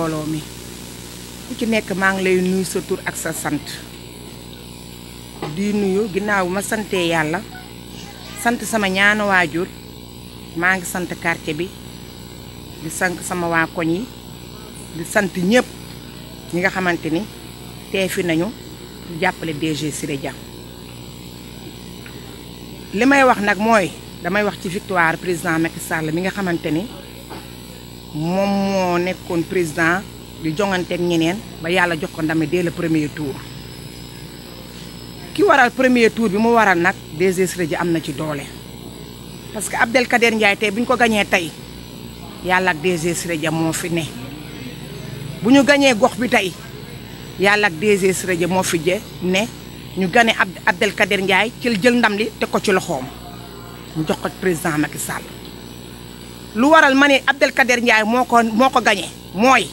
mbooloo mi ku ci nekk maa ngi lay nuyu sa tur ak sa sant di nuyu ginnaaw ma santee yàlla sant sama ñaanu waajur maa ngi sant quartier bi di sant sama waa koñ yi di sant ñëpp ñi nga xamante ni tee nañu di jàppale DG Siré Dia li may wax nag mooy damay wax ci victoire président Macky Sall mi nga xamante ni moom moo nekkoon président di jonganteeg ñeneen ba yàlla jox ko ndame dès le premier tour ki waral premier tour bi mu waral nag DG Siré Dia am na ci doole parce que Abdelkader Ndiaye tey bu ñu ko gañee tey yàlla ak DG Siré Dia moo fi ne bu ñu gañee gox bi tey yàlla ak DG Siré Dia moo fi je ne ñu gane Abdelkader Ndiaye jël jël ndam li teg ko ci loxoom mu jox ko président i Sall lu waral ma ne Abdelkader Ndiaye moo ko moo ko gañe mooy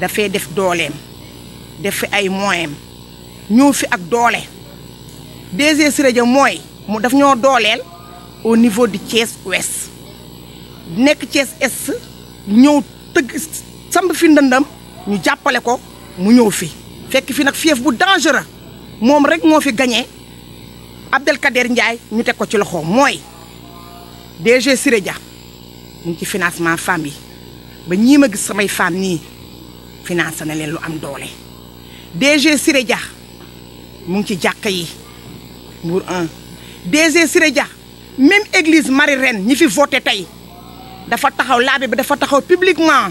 dafa def dooleem def fi ay moyens ñëw fi ak doole DG Siré Dia mooy mu daf ñoo dooleel au niveau de Thiès Ouest nekk Thiès Est ñëw tëgg samb fi ndëndam ñu jàppale ko mu ñëw fi fekk fi nag fief bu dangereux moom rek moo fi gañee Abdelkader Ndiaye ñu teg ko ci loxo mooy DG Siré Dia mu ngi ci financement femme yi ba ñii ma gis samay femme nii financé na leen lu am doole DG Siré Dia mu ngi ci jàkka yi Mbour 1 DG Siré Dia même église Marie Reine ñi fi voté tey dafa taxaw laabe bi dafa taxaw publiquement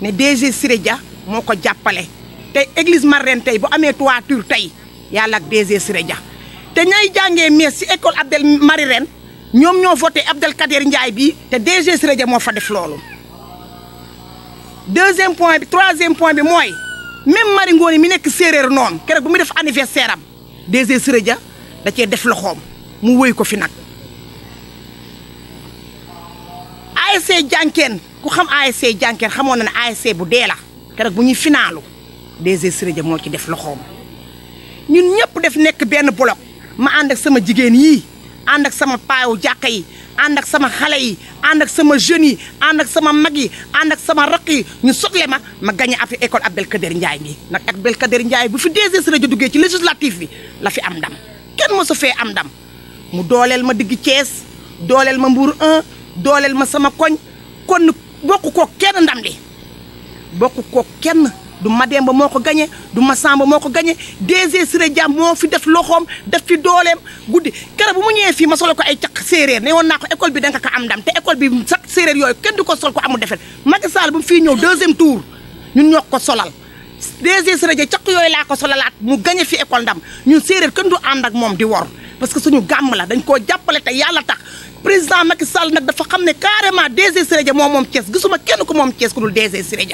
ne DG Siré Dia moo ko jàppale tey église Marie Reine tey bu amee toiture tey yàlla ak DG Siré Dia te ñay jàngee mees ci école Abdel Marie Reine ñoom ñoo voté Abdelkader Ndiaye bi te DG Siré Dia moo fa def loolu deuxième point bi troisième point bi mooy même Mari Ngoone mi nekk séeréer noonu keroog bu muy def anniversaire am DG Siré da cee def loxoom mu wéy ko fi nag ASC jànkeen ku xam ASC jànkeen xamoon na ne ASC bu dee la keroog bu ñuy finaalu DG Siré Dia moo ci def loxoom ñun ñëpp def nekk benn bloc ma ànd sama jigéen yii and ak sama pao jàkka yi ak sama xalé yi and ak sama jeune yi and ak sama mag yi and ak sama raq yi ñu sotle ma ma gagné afi école Abdelkader Ndiaye mi nak Abdelkader Ndiaye bu fi DG ju duggé ci législatif bi la fi am ndam kenn mosu fé am ndam mu dolel ma digg Thiès dolel ma Mbour 1 dolel ma sama koñ kon bokku ko kenn ndam li bokku ko kenn. du ma Mademba moo ko gañe du Masamba moo ko gañe DG Siré Dia moo fi def loxoom def fi dooleem guddi kere bu mu ñëwee fii ma solo ko ay caq séeréer ne woon naa ko école bi danga ko am ndam te école bi sax séeréer yooyu kenn du ko sol ko amul defet Macky Sall bu mu fii ñëw deuxième tour ñun ñoo ko solal DG Siré Dia caq yooyu laa ko solalaat mu gañe fi école ndam ñu séeréer kenn du ànd ak moom di wor parce que suñu gàmm la dañ koo jàppale te yàlla tax président Macky Sall nag dafa xam ne carrément DG Siré Dia moom moom Thiès gisuma kenn ko moom Thiès ku dul DG Siré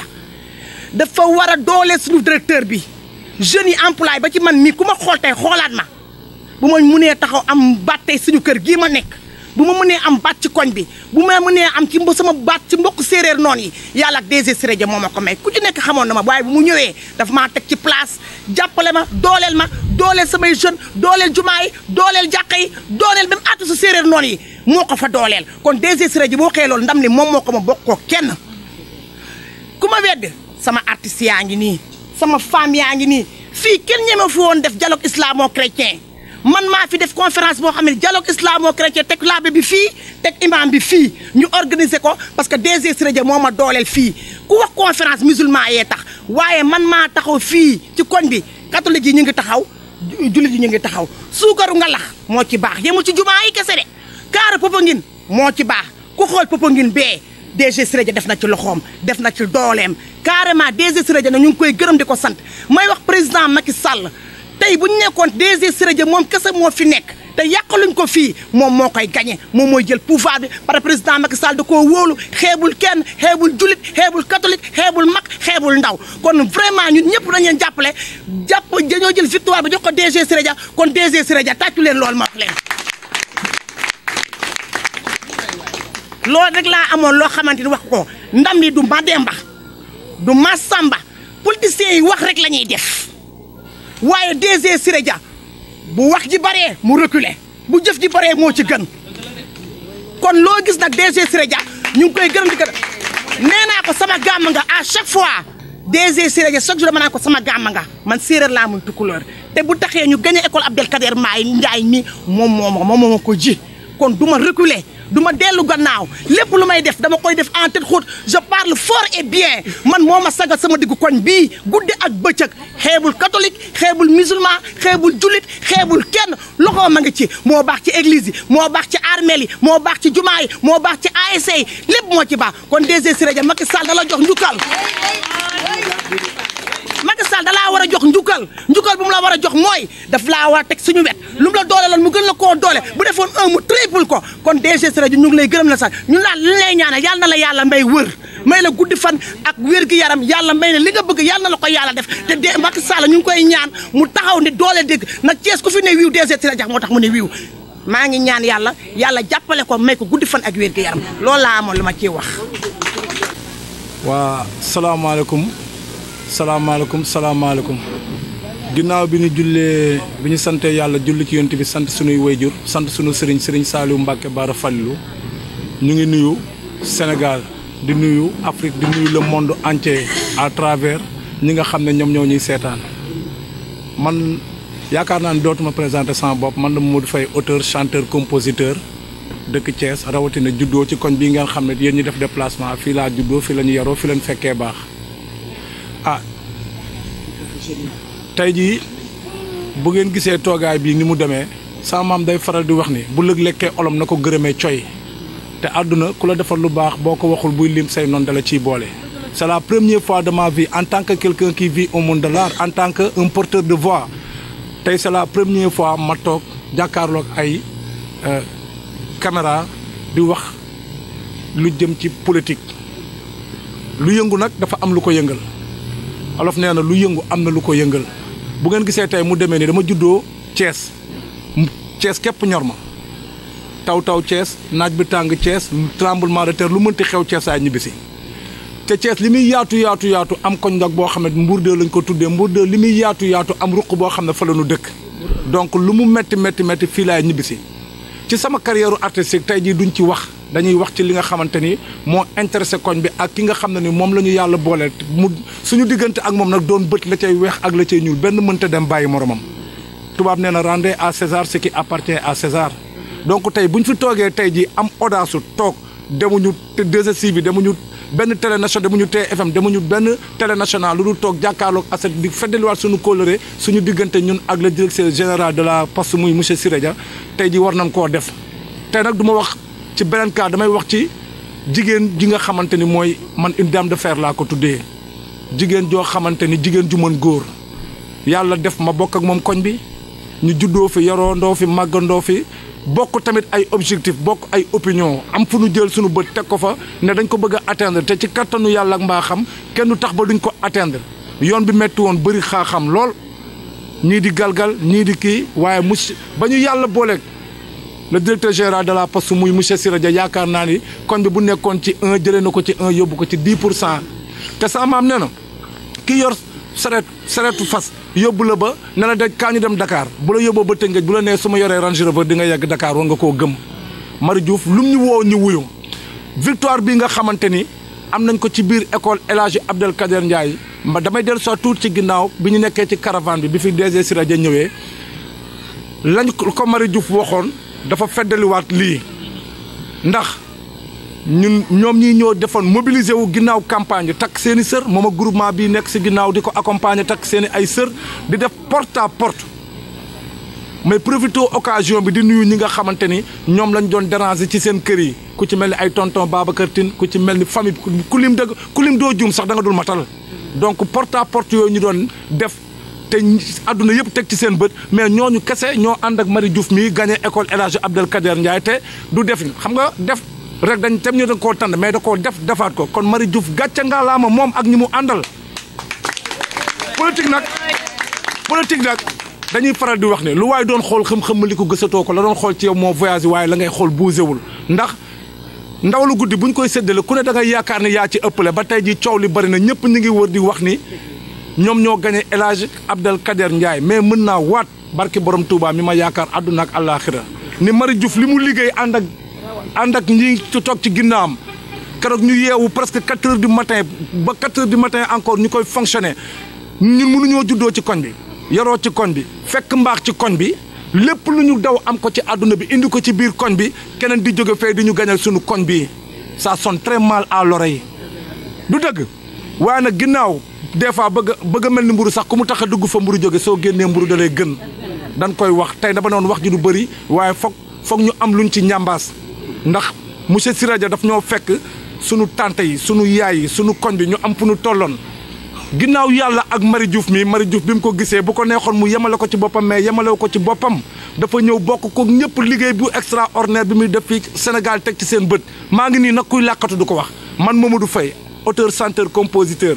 dafa war a doole suñu directeur bi jeunes yi emploi ba ci man mii ku ma xool xoolaat ma bu ma mënee taxaw am baat suñu kër gii ma nekk bu ma mënee am baat ci koñ bi bu ma mënee am ci sama baat ci mbokk séeréer noon yi yàlla ak DG Siré Dia moo ko may ku ci nekk xamoon na ma waaye bu mu ñëwee dafa maa teg ci place jàppale ma dooleel ma dooleel samay jeune dooleel jumaa yi dooleel jàkka yi dooleel même àtt su séeréer noonu yi moo ko fa dooleel kon DG Siré Dia boo xëyee ndam li moom moo ma bokkoo kenn ku ma wedd sama artiste yaa ngi nii sama femme yaa ngi nii fii kenn ñeme fi woon def dialogue islamo-chrétien man maa fi def conférence boo xam ne dialogue islamo-chrétien teg laabe bi fii teg imam bi fii ñu organiser ko parce que DG Siré moom moo ma dooleel fii ku wax conférence musulman yee tax waaye man maa taxaw fii ci koñ bi catholique yi ñu ngi taxaw jullit yi ñu ngi taxaw suukaru nga lax moo ci baax yemul ci jumaa yi kese de kaara Popenguine moo ci baax ku xool Popenguine bee DG Siré Dia def na ci loxoom def na ci dooleem carrément DG Siré na ñu ngi koy gërëm di ko sant may wax président Macky Sall tey bu ñu nekkoon DG Siré Dia moom kese moo fi nekk te yàqaluñ ko fii moom moo koy gagné moom mooy jël pouvoir bi par président Macky Sall da koo wóolu xeebul kenn xeebul julit xeebul catholique xeebul mag xeebul ndaw kon vraiment ñun ñëpp dañu leen jàppale jàpp dañoo jël victoire ba jox ko DG Siré Dia kon DG Siré Dia tàccu leen loolu ma wax lo rek la amone lo xamanteni wax ko ndam ni du Mademba du Massamba politiciens yi wax rek lañuy def waye DG Sirédia bu wax ji bare mu reculer bu jëf ji bare mo ci gën kon lo gis nak DG Sirédia ñu koy gërëm di gërëm néna ko sama gam nga à chaque fois DG Sirédia Dia chaque jour dama ko sama gam nga man séeréer la mu tukulor té bu taxé ñu gañ école Abdel Kader Mbaye Ndiaye mi mom mom mom mom ko ji. kon du ma reculer du ma dellu gannaaw lépp lu may def dama koy def en tête haute je parle fort et bien man moo ma sagal sama diggu koñ bii guddi ak bëccëg xeebul catholique xeebul musulman xeebul jullit xeebul kenn loxo ma ngi ci moo baax ci église yi moo baax ci armeel yi moo baax ci jumaa yi moo baax ci ASC e yi lépp moo ci baax kon DG Siré Dia Macky Sall na la jox njukkal jox njukal njukkal bu mu la war a jox mooy daf laa war a teg suñu wet lu mu la doole loon mu gën la koo doole bu defoon un mu triple ko kon DG Siré Dia ñu lay gërëm la sax ñun daal li lay ñaanal yàlla na la yàlla mbay wër may la guddi fan ak wér gi yaram yàlla may na li nga bëgg yàlla na ko yàlla def te de Macky Sall ñu ngi koy ñaan mu taxaw ne doole dégg nag Thiès ku fi ne wiiw DG Siré Dia moo tax mu ne wiiw maa ngi ñaan yàlla yàlla jàppale ko may ko guddi fan ak wér gi yaram loolu laa amoon lu ma ciy wax waa salaamaaleykum salaamaaleykum salaamaaleykum ginnaaw bi ñu jullee bi ñu santee yàlla julli ci yonent bi sant sunuy wayjur sant sunu sëriñ sëriñ Saliou Mbacke Bara Fallou ñu ngi nuyu Sénégal di nuyu Afrique di nuyu le monde entier à travers ñi nga xam ne ñoom ñoo ñuy seetaan man yaakaar naa ne dootuma présenté sama bopp man la Modou Faye auteur chanteur compositeur dëkk Thiès rawatina juddoo ci koñ bii ngeen xam ne yéen ñu def déplacement fii laa juddoo fii la ñu yaroo fii lañ fekkee baax ah tey jii bu ngeen gisee toogaay bi ni mu demee sama maam day faral di wax ni bu lëg lekkee olom na ko gërëmee coy te àdduna ku la defal lu baax boo ko waxul buy lim say noon dala ciy boole. c'est la première fois de ma vie en tant que quelqu'un qui vit au monde de l'art en tant que un porteur de voix tey c'est la première fois ma toog jàkkaarloog ay euh, caméra di wax lu jëm ci politique lu yëngu nag dafa am lu ko yëngal. olof nee na lu yëngu am na lu ko yëngal bu ngeen gisee tey mu demee ni dama juddoo cees cees képp ñor ma taw taw cees naaj bi tàng cees tremblement de terre lu mënti xew Thiès ay ñibbisi te Thiès li muy yaatu yaatu yaatu am koñ nag boo xam ne Mbour 2 lañ ko tuddee Mbour 2 li muy yaatu yaatu am ruq boo xam ne fa la dëkk donc lu mu métti métti métti fii laay ñibbisi ci sama carrière artistique tey jii duñ ci wax dañuy wax ci li nga xamante ni moo intéressé koñ bi ak ki nga xam ne ni moom la ñu yàlla booleel mu suñu diggante ak moom nag doon bët la cay weex ak la cay ñuul benn mënta dem bàyyi moroomam tubaab nee na rendez à César ce qui appartient à César donc tey bu ñu fi toogee tey ji am audace toog demuñu te 2STV bi demuñu benn télé national demuñu TFM demuñu benn télé national lu dul toog jàkkaarloog aset di feddaliwaat suñu kóllëre suñu diggante ñun ak le directeur général de la poste muy monsieur s Dia tey ji war nañ koo def tey nag wax. ci beneen cas damay wax ci jigéen ji nga xamante ni mooy man une dame de fer laa ko tuddee jigéen joo xamante ni jigéen ju mën góor yàlla def ma bokk ak moom koñ bi ñu juddoo fi yoroondoo fi màggandoo fi bokk tamit ay objectif bokk ay opinion am fu nu jël suñu bët teg ko fa ne dañ ko bëgg a atteindre te ci kattanu yàlla ak mbaaxam kenn tax ba duñu ko atteindre yoon bi metti woon bëri xaaxam lool ñii di galgal ñii di kii waaye mus ba ñu yàlla booleeg le directeur général de la poste muy monsieur Sira Dia yaakaar naa ni koñ bi bu nekkoon ci un jëlee na ko ci un yóbbu ko ci dix pour cent te sa maam nee na ki yor sareet sareetu fas yóbbu la ba ne la daj kaa ñu dem dakaar bu la yóbboo ba Tëngéej bu la nee su ma yoree Range Rover di nga yegg Dakar war nga koo gëm Marie Diouf lum ñu woo ñu wuyu victoire bi nga xamante ni am nañ ko ci biir école El Hadji Abdel Kader Ndiaye ma damay dellu soo ci ginnaaw bi ñu nekkee ci caravane bi bi fi DG Sira Dia ñëwee lañ ko Marie Diouf waxoon dafa feddaliwaat li ndax ñun ñom ñi ñoo defon mobiliser wu ginnaw campagne tak seeni sœur moma groupement bi nek ci ginnaw diko accompagner tak seeni ay sœur di def porte à porte mais profito occasion bi di nuyu ñi nga xamanteni ñom lañ doon déranger ci seen kër yi ku ci melni ay tonton Babacar Tine ku ci melni famille ku lim dëgg ku lim sax da nga dul matal donc porte à porte yo ñu doon def te àdduna yëpp teg ci seen bët mais ñooñu kese ñoo ànd ak mari Diouf mii gagné école El Hadj Abdel Kader Ndiaye te du def ñu xam nga def rek dañ tam ñu da koo tànn mais da koo def defaat ko kon mari Diouf gàcce nga laama moom ak ñi mu àndal. politique nag politique nag dañuy faral di wax ne lu waaye doon xool xam-xam li ko gësatoo ko la doon xool ci yow moo voyage waaye la ngay xool bougéwul ndax. ndaw lu guddi bu ñu koy séddale ku ne da ngay yaakaar ne yaa ci ëppale ba tey ji coow li bari na ñëpp ñu ngi wër di wax ni ñom ñoo gagné El Abdel Kader Ndiaye mais mën naa barki borom Touba mi ma yaakar aduna ak alakhirah ni mari Diouf limu mu andak andak ñi ci tok ci ginnam keroog ñu yewu presque 4 heures du matin ba 4 heures du matin encore ñukoy koy fonctionner ñun ñoo juddo ci koñ bi yoro ci koñ bi fekk mbax ci koñ bi lepp lu ñu daw am ko ci aduna bi indi ko ci biir koñ bi kenen di joge fee di ñu gagnal suñu koñ bi ça sonne très mal à l'oreille du deug wa na ginnaw des fois bëgg bëgg mel ni mburu sax ku mu tax a dugg fa mburu jóge soo génnee mburu da gën dañ koy wax tey dafa noonu wax ju du bëri waaye foog foog ñu am lu ñu ci ñambaas ndax monsieur Siraja daf ñoo fekk sunu tante yi sunu yaay yi sunu koñ bi ñu am fu nu tolloon ginnaaw yàlla ak mari Diouf mi mari Diouf bi mu ko gisee bu ko neexoon mu yemale ko ci boppam mais yemalewu ko ci boppam dafa ñëw bokk ko ñëpp liggéey bu extra extraordinaire bi muy def fii Sénégal teg ci seen bët maa ngi nii nag kuy làqatu du ko wax man Mamadou Faye auteur chanteur compositeur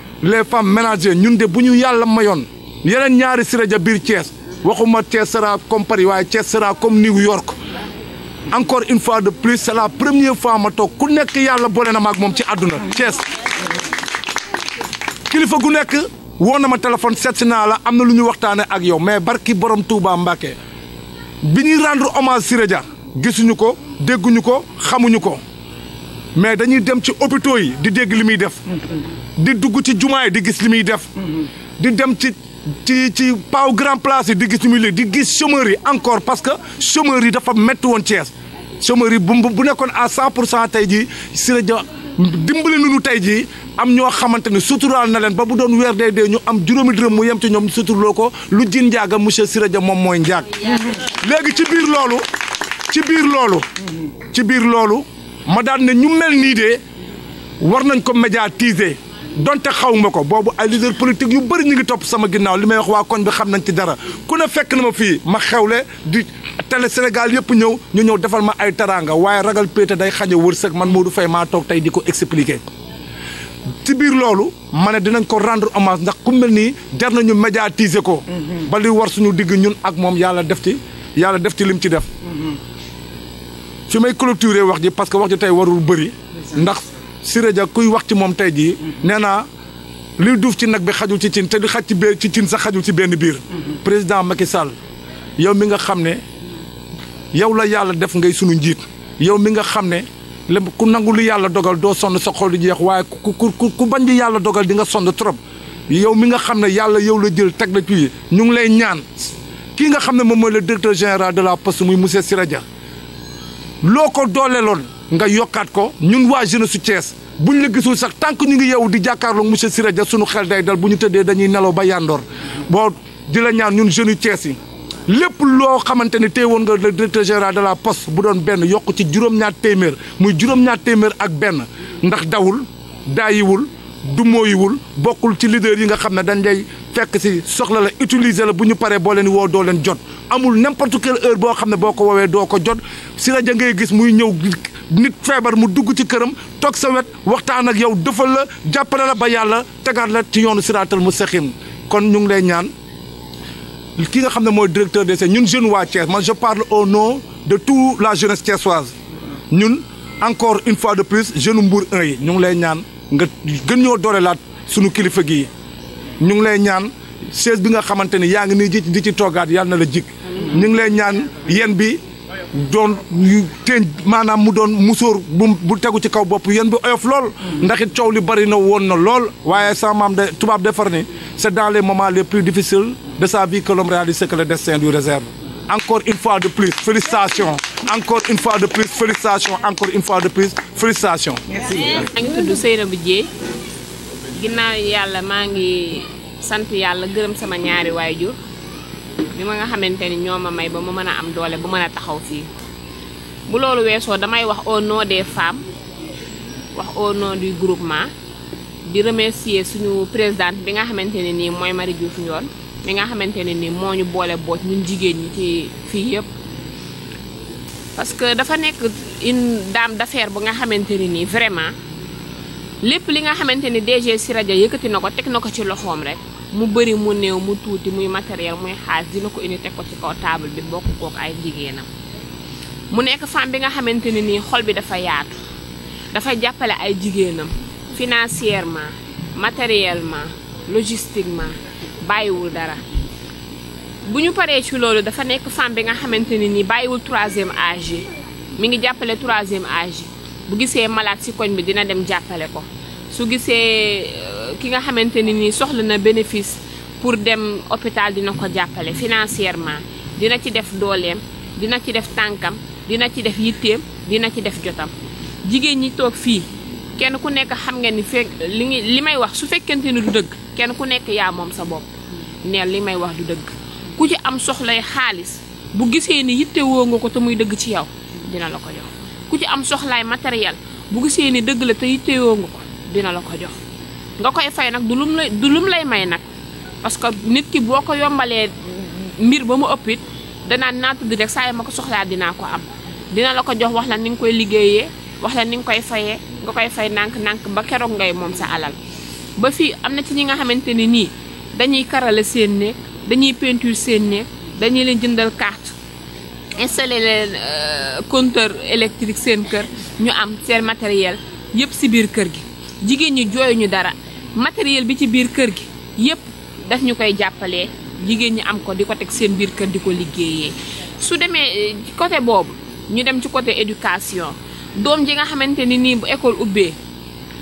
les femmes ménagères ñun de bu ñu yàlla mayoon yeneen ñaari Siré Dia biir Thiès waxuma Thiès sera comme Paris waaye Thiès sera comme New York encore une fois de plus c'est la première fois ma toog ku nekk yàlla boole na ak moom ci àdduna Thiès kilifa gu nekk woo na ma téléphone seet naa la am na lu ñu waxtaane ak yow mais barki borom Touba Mbacké bi ñuy rendre hommage Siré Dia gisuñu ko dégguñu ko xamuñu ko mais dañuy dem ci hôpitaux yi di dégg li muy def di dugg ci jumaa yi di gis li muy def. di dem ci ci ci paaw grand place yi di gis li muy léegi di gis someri encore parce que chômeurs yi dafa métti woon Thiès. chômeurs yi bu bu nekkoon à cent pour cent tey jii si la dimbali nu tey jii am ñoo xamante ne suturaal na leen ba bu doon weer dee dee ñu am juróomi dërëm mu yem ci ñoom suturloo ko lu jin njaaga monsieur Siré Dia moom mooy njaag léegi ci biir loolu ci biir loolu ci biir loolu ma daan ne ñu mel nii de war nañ ko médiatiser donte xaw ma ko boobu ay leader politique yu bëri ñu ngi topp sama ginnaaw li may wax waa koñ bi xam nañ ci dara ku ne fekk na ma fii ma xewle di tele Sénégal yëpp ñëw ñu ñëw defal ma ay teraanga waaye ragal péete day xañ a wërsëg man du Faye maa toog tey di ko expliquer. ci biir loolu ma ne dinañ ko rendre hommage ndax ku mel nii jar nañu médiatiser ko. Mhm. ba li war suñu digg ñun ak moom yàlla def ci yàlla def ci lim ci def. Mhm. fi may clôturer wax ji parce que wax ji tey warul bëri. Siré Dia kuy wax ci moom tey jii nee naa li duuf ci nag bi xajul ci cin te du xaj ci cin sax xajul ci benn biir président Macky Sall yow mi nga xam ne yow la yàlla def ngay sunu njiit yow mi nga xam ne lépp ku nangu lu yàlla dogal doo sonn sa xol di jeex waaye ku ku ku bañ di yàlla dogal di nga sonn trop yow mi nga xam ne yàlla yow la jël teg la ci ñu ngi lay ñaan kii nga xam ne moom mooy la directeur général de la poste muy monsieur Siré Dia loo ko doole lool nga yokkaat ko ñun waa jeunesse su bu ñu la gisul sax tant ñu ngi yow di jàkkaarloog monsieur Siré Dia suñu xel day dal bu ñu tëddee dañuy nelaw ba yàndoor boo di la ñaan ñun jeunes yu yi lépp loo xamante ne tey woon nga le directeur général de la poste bu doon benn yokk ci juróom-ñaar téeméer muy juróom-ñaar téeméer ak benn ndax dawul daayiwul du mooyiwul bokkul ci leader yi nga xam ne dañ lay fekk si soxla la utiliser la bu ñu paree boo leen woo doo leen jot amul n'importe quelle heure boo xam ne boo ko woowee doo ko jot Siré Dia ngay gis muy ñëw nit feebar mu dugg ci këram toog sa wet waxtaan ak yow defal la jàppale la ba yàlla tegaat ci yoonu siraatal mustaqim kon ñu ngi lay ñaan ki nga xam ne mooy directeur des ñun jeune waa Thiès man je parle au nom de tout la jeunesse thiessoise ñun encore une fois de plus jeune Mbour 1 yi ñu ngi lay ñaan nga gën ñoo doolelaat suñu kilifa gi ñu ngi lay ñaan chaise bi nga xamante ni yaa ngi nii di ci toogaat yàlla na la jig ñu ngi lay ñaan yéen Don, yu teeñ maanaam mu don musor bu bu tegu ci kaw bop yéen bi oyof lool. ndax it coow li bari na won na lool. waye sa mam de tubaab defar ni c'est dans les moments les plus difficiles de sa vie que l'homme réalise que le destin lui réserve. encore une fois de plus félicitations encore une fois de plus félicitations encore une fois de plus félicitations. merci. maa ngi tudd Seynabou Dieng ginnaaw yàlla maa ngi sant sama ñaari waajur bi ma nga xamante ni ñoo ma may ba ma mën a am doole bu mën a taxaw fii bu loolu weesoo damay wax au nom des femmes wax au nom du groupement di remercier suñu présidente bi nga xamante ne nii mooy Marie Diouf Ndione mi nga xamante ne nii moo ñu boole boot ñun jigéen ñi ci fii yëpp parce que dafa nekk une dame d'affaires bu nga xamante ni nii vraiment lépp li nga xamante ni si Siradia yëkkati na ko teg na ko ci loxoom rek mu bëri mu néew mu tuuti muy matériel muy xaalis dina ko indi teg ko ci kaw table bi bokk kook ay jigéenam mu nekk femme bi nga xamante ne nii xol bi dafa yaatu dafa jàppale ay jigéenam financièrement matériellement logistiquement bàyyiwul dara bu ñu paree ci loolu dafa nekk femme bi nga xamante ne nii bàyyiwul troisième âge yi mi ngi jàppale troisième âge bu gisee malaat ci koñ bi dina dem jàppale ko su gisee ki nga xamante ni nii soxla na bénéfice pour dem hôpital dina ko jàppale financièrement dina ci def dooleem dina ci def tànkam dina ci def yitteem dina ci def jotam jigéen ñi toog fii kenn ku nekk xam nga ni fekk li may wax su fekkente ni du dëgg kenn ku nekk yaa moom sa bopp neel li may wax du dëgg ku ci am soxlay xaalis bu gisee ni yitte woo nga ko te muy dëgg ci yow dina la ko jox ku ci am soxlaay matériel bu gisee ni dëgg la te yitte nga ko dina la ko jox nga koy fay nak du lum lay du lum lay may nak parce que nit ki boko yombalé mbir bamu uppit ëpp it na naa rek saa mako soxla dina ko am dina la ko jox wax la ning koy liggéeyé wax la ning koy fayé nga koy fay nank nank ba kéro ngay mom sa alal ba fi am ci nga ni dañuy karalé seen nek dañuy peinture seen nek dañuy leen jëndal carte installé leen euh, compteur électrique seen kër ñu am seen matériel yépp ci bir kër gi jigéen ñi ñu dara matériel bi ci biir kër gi yépp daf ñu koy jàppalee jigéen ñi am ko di ko teg seen biir kër di ko liggéeyee su demee eh, côté boobu ñu dem ci côté éducation doom ji nga xamante ni nii bu école ubbee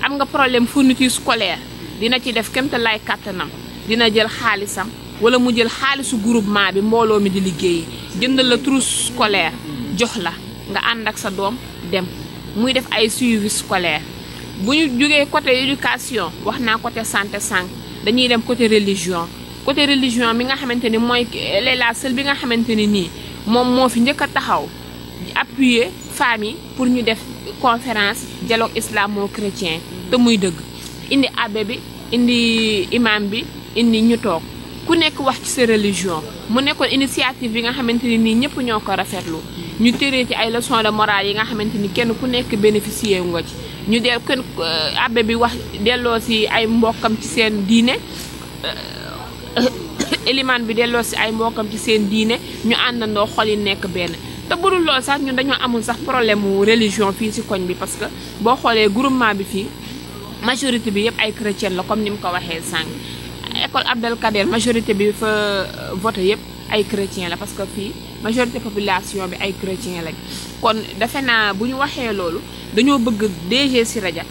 am nga problème fourniture scolaire dina ci def kemta lay kàttanam dina jël xaalisam wala mu jël xaalisu groupement bi mbooloo mi di liggéeyee jëndal la trousse scolaire jox la nga ànd sa doom dem muy def ay suivi scolaire bu ñu jógee côté éducation wax naa côté santé sànq dañuy dem côté religion côté religion bi nga xamante ni mooy elle la seule bi nga xamante ni nii moom moo fi njëkk a taxaw appuyer femmes yi pour ñu def conférence dialogue islamo-chrétien te muy dëgg indi abbé bi indi imam bi indi ñu toog ku nekk wax ci sa religion mu nekkoon initiative bi nga xamante ne nii ñëpp ñoo ko rafetlu ñu tëree ci ay leçon de morale yi nga xamante ni kenn ku nekk bénéficier nga ci ñu dee kenn euh, abbé bi wax delloo si ay mbokkam ci seen diine euh, élimaan bi delloo si ay mbokkam ci seen diine ñu àndandoo xol yi nekk benn te budul lool sax ñu dañoo amul sax problème mu religion fii ci koñ bi parce que boo xoolee groupement bi fii majorité bi yëpp ay chrétien la comme ni mu ko waxee sànq. école Abdel Kader majorité bi fa euh, voté yëpp ay chrétien la parce que fii majorité population bi ay chrétien lañ kon defe naa bu ñu waxee loolu dañoo bëgg DG Siré Dia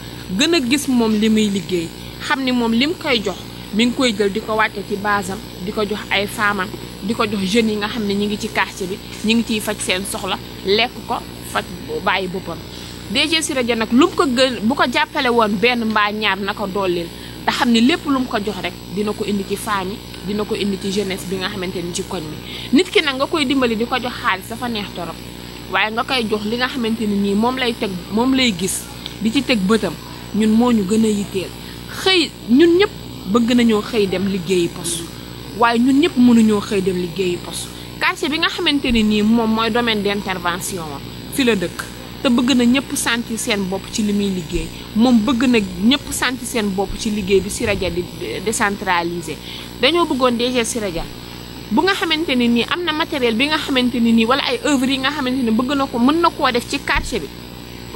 gën a gis moom li muy liggéey xam ni moom lim koy jox mi ngi koy jël di ko wàcce ci basam di ko jox ay femmes di ko jox jeunes yi nga xam ne ñu ngi ci quartier bi ñu ngi ciy faj seen soxla lekk ko faj bàyyi boppam DG Siré Dia nag lu mu ko gën bu ko jàppale woon benn mbaa ñaar na ko dollil te xam ne lépp lu mu ko jox rek dina ko indi ci famille dina ko indi ci jeunesse bi nga xamante ni ci koñ bi nit ki nag nga koy dimbali di ko jox xaalis dafa neex torop waaye nga koy jox li nga xamante ni nii moom lay teg moom lay gis di ci teg bëtam ñun moo ñu gën a yitteel xëy ñun ñëpp bëgg nañoo xëy dem liggéeyi poste waaye ñun ñëpp mënuñoo xëy dem liggéeyi poste quartier bi nga xamante ni nii moom mooy domaine intervention fi la dëkk te bëgg na ñëpp santi seen bopp ci li muy liggéey moom bëgg na ñëpp santi seen bopp ci liggéey bi Siraja di décentralisé dañoo bëggoon DG Siraja bu nga xamante ne nii am na matériel bi nga xamante ne nii wala ay œuvres yi nga xamante ne bëgg na ko mën na koo def ci quartier bi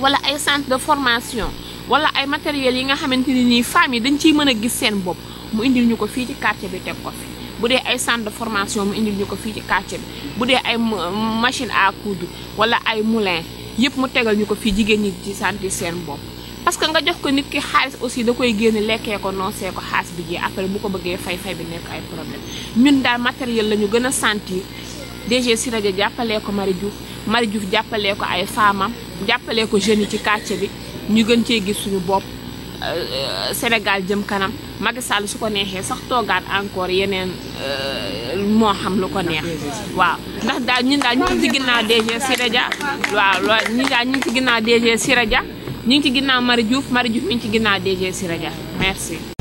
wala ay centre de formation wala ay matériels yi nga xamante ni nii femmes yi dañ ciy mën a gis seen bopp mu indil ñu ko fii ci quartier bi teg ko fi bu dee ay centre de formation mu indil ko fii ci quartier bi bu dee ay machine à coudre wala ay moulin yëpp mu tegal ñu ko fii jigéen ñi ci santi seen bopp parce que nga jox ko nit ki xaalis aussi da koy génn lekkee ko noosee ko xaas bi jee après bu ko bëggee fay-fay bi nekk ay problème ñun daal matériel la ñu gën a sentir DG Siré Dia jàppalee ko Marie Diouf mari Diouf jàppalee ko ay femmes am jàppalee ko jeunes yi ci quartier bi ñu gën cee gis suñu bopp Euh, Sénégal jëm kanam Macky Sall su ko neexee sax toogaat encore yeneen euh, moo xam lu ko neex waaw ndax daal ñun daal ñu ngi ci ginnaaw DG Siré Dia waaw loolu ñun daal ñu ngi ci ginnaaw DG Siré Dia ñu ngi ci ginnaaw Marie Diouf Marie Diouf ñu ngi ci ginnaaw DG Siré Dia merci